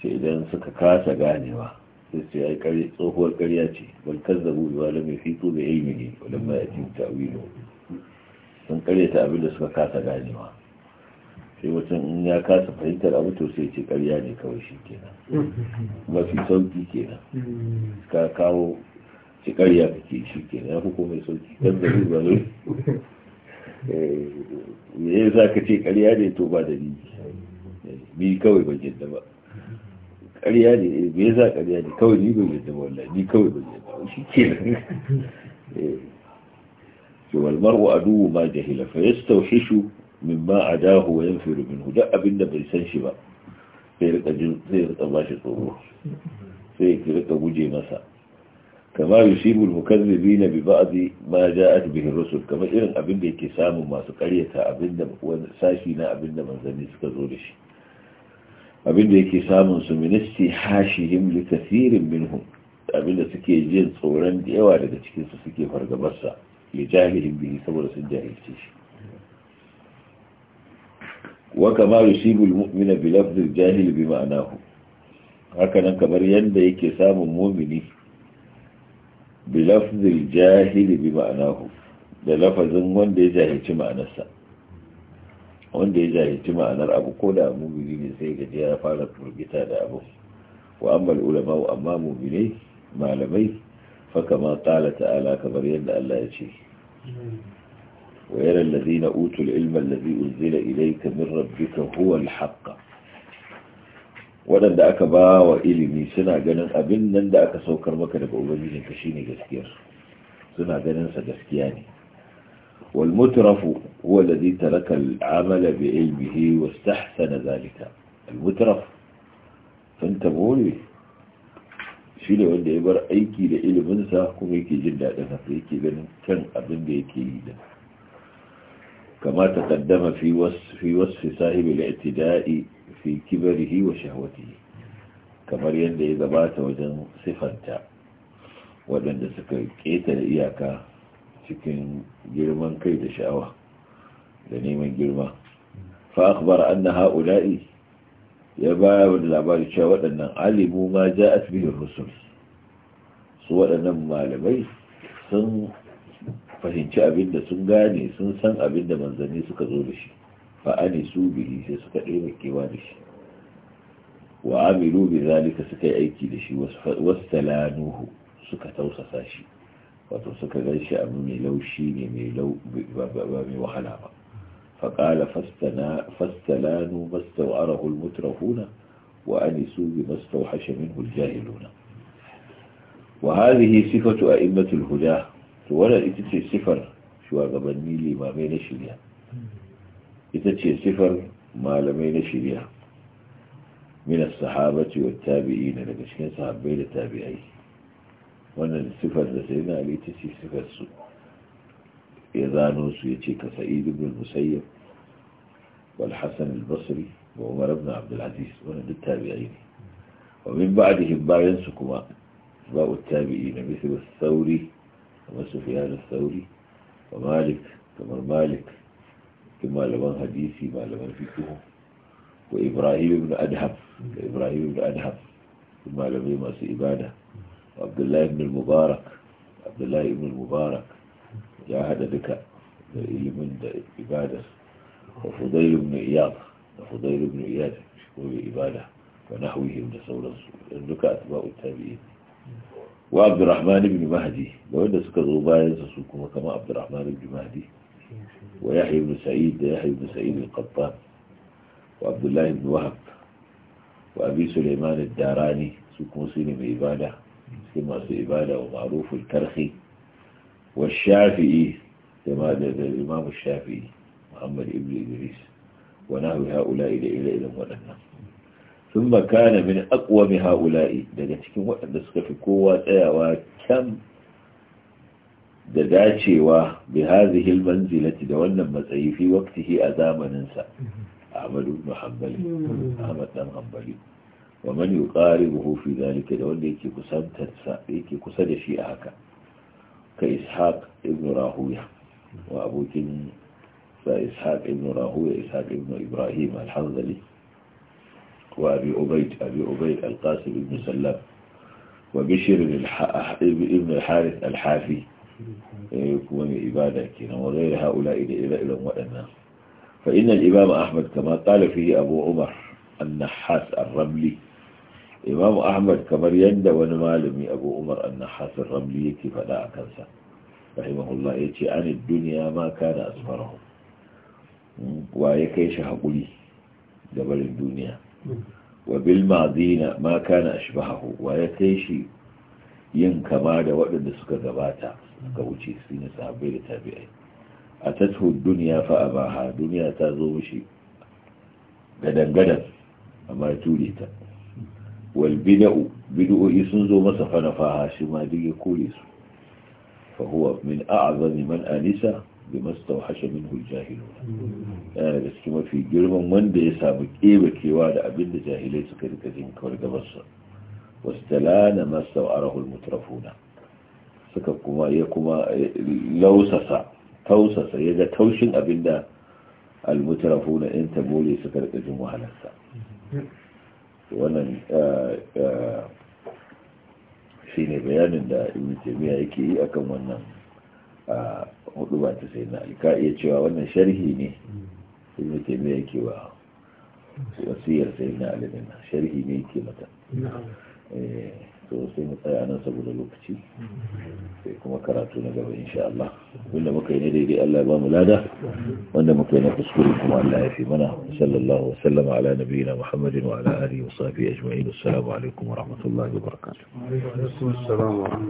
sai idan suka kasa ganewa sai su kare tsohuwar ƙarya ce bal kazzabu bi wala mai fito da ilmihi wala ma ya tin ta'wilu sun kare ta abin da suka kasa ganewa sai wacin in ya kasa fahimtar abu to sai ce ƙarya ne kawai shi kenan mafi sauki kenan ka kawo ci ƙarya kake shi kenan ya fi mai sauki kazzabu ba zai eh, me yasa ka ce ƙarya ne to ba dalili eh, ni kawai ban yadda ba ƙarya ne eh, me yasa ƙarya ne kawai ni ban yadda wallahi ni kawai ban yadda shi ke [laughs] eh ke walmar wa aduwwu ma jahila fa yastawhishu mimma adahu wa yanfiru abin da bai san shi ba sai rika jin sai rika bashi tsoro sai ya rika guje masa kama yusibul mukazzibina bi ba'dhi ma ja'at bihi rusul kamar irin abin da yake samu masu ƙaryata abinda wani sashi na abinda manzanni suka zo da shi abinda yake samun su ministi hashihim li kasirin minhum abinda suke jin tsoron da yawa daga cikin su suke fargabarsa li jahilin bihi saboda sun jahilce shi wa kama yusibu almu'mina bi lafzi jahil bi ma'nahu haka nan kamar yanda yake samun mu'mini bi lafzi jahil bi ma'nahu da lafazin wanda ya jahilci ma'anarsa wanda ya jahilci anar abu ko da mumini ne sai gaji ya fara turgita da abu wa ammal ulama wa amma mumini malamai fa kama qala ta'ala kamar yadda Allah ya ce wa yara allazina utul ilma allazi unzila ilayka min rabbika huwa al wadanda aka ba wa ilimi suna ganin abin nan da aka saukar maka daga ubangijinka shine gaskiya suna ganin sa gaskiya ne والمترف هو الذي ترك العمل بعلمه واستحسن ذلك المترف فانتبهوني شيل عند عبر ايكي لعلم انسا كم ايكي جدا لنا فيكي بن كان ابن ايكي كما تقدم في وصف, في وصف صاحب الاعتداء في كبره وشهوته كما يندي ذبات وجن صفتا ودن دسك كيت الاياكا cikin girman kai da sha'awa da neman girma fa akhbara anna ha'ula'i ya baya wani labari cewa waɗannan alimu ma ja a rusul su waɗannan malamai sun fahimci abinda sun gane sun san abinda manzanni suka zo da shi fa'ani su bihi sai suka ɗaya kewa da shi wa amilu bi zalika suka yi aiki da shi wasu talanuhu suka tausasa shi وتسكذيش أمي لو شيني لو بأمي وحلاما فقال فاستلانوا ما استوأره المترفون وأنسوا بما استوحش منه الجاهلون وهذه صفة أئمة الهدى ولا إتتي سفر شو أغبني لي ما مين شريا إتتي سفر ما لمين شريا من الصحابة والتابعين لكشكين صحابين التابعين wannan sifar da sai na ali ta ce sifar su ya zano su ya ce ka sa'id ibn musayyab wal hasan al-basri wa umar ibn abd al-aziz wannan duk tabi'i ne wa min ba'dihim bayan su kuma ba ba'u tabi'i na misal sauri kamar sufyan sauri wa malik kamar malik كما لمن hadisi malaman لمن فقه ibrahim ibn adham ibrahim ibn adham كما لمن masu ibada وعبد الله بن المبارك عبد الله بن المبارك جاهد بك من إبادة وفضيل بن إياد وفضيل بن إياد شكوه بإبادة ونحوهم لصورة لك أتباع التابعين وعبد الرحمن بن مهدي وعند سكروا باين سسوكم كما عبد الرحمن بن مهدي ويحيى بن سعيد يحيى بن سعيد القطان وعبد الله بن وهب وأبي سليمان الداراني سيني بإبادة كما سيبانه ومعروف الكرخي والشافعي كما الإمام الشافعي محمد ابن إدريس ونحو هؤلاء إلى إلى إلى ثم كان من أقوى من هؤلاء لأن تكون واحد في قوة إيه وكم دداشي بهذه المنزلة دولنا مزعي في وقته أذا ننسى أحمد بن حنبل أحمد بن حنبل ومن يقاربه في ذلك لوليك كسد تساقيك كسد شيء هكا كإسحاق ابن راهوية وأبو وأبوك فإسحاق ابن راهوية إسحاق ابن إبراهيم الحنظلي وأبي عبيد أبي عبيد القاسم ابن سلام وبشر ابن الحارث الحافي إيه، يكون إبادة كنا وغير هؤلاء إلى إلى وإنا فإن الإمام أحمد كما قال فيه أبو عمر النحاس الرملي imamu ahmad kamar yadda wani malami abu umar annahasir ramli yake faɗa a kansa rahimahullah ya ce an duniya ma kana asfarahu hmm, wa ya kai shi haƙuri da barin duniya wa bil mazina ma kana ashbahu wa ya kai shi yin kama da waɗanda suka gabata suka wuce su ne sahabbai da tabi'ai a tattu duniya fa abaha duniya ta zo mishi gadan amma ya ture ta wal bid'u sun zo masa fanafaha shi ma duk ya kore su fa huwa min a'zami man anisa bi mastawhasha minhu al-jahilun yana da cikin mafi girman wanda ya samu kewa da abin jahilai suka rika jin kawar gabarsa wastalana mastawarahu al-mutrafuna suka kuma ya kuma lausasa ya ga taushin abinda al-mutrafuna in tabole suka rika jin wahalarsa wannan eh, eh, shi ne bayanin da ibn yake yi akan wannan eh, hudu ba ta sai na ka iya cewa wannan sharhi ne ibn taymiya yake wa yarsa sai na alidin sharhi ne yake mata to sai mu tsaya nan saboda lokaci sai kuma karatu na gaba insha Allah wanda muka yi ne daidai Allah ya ba mu lada wanda muka yi na kuskure kuma Allah ya fi mana sallallahu wa sallama ala nabiyina Muhammadin wa ala alihi wa sahbihi ajma'in assalamu alaikum wa rahmatullahi wa barakatuh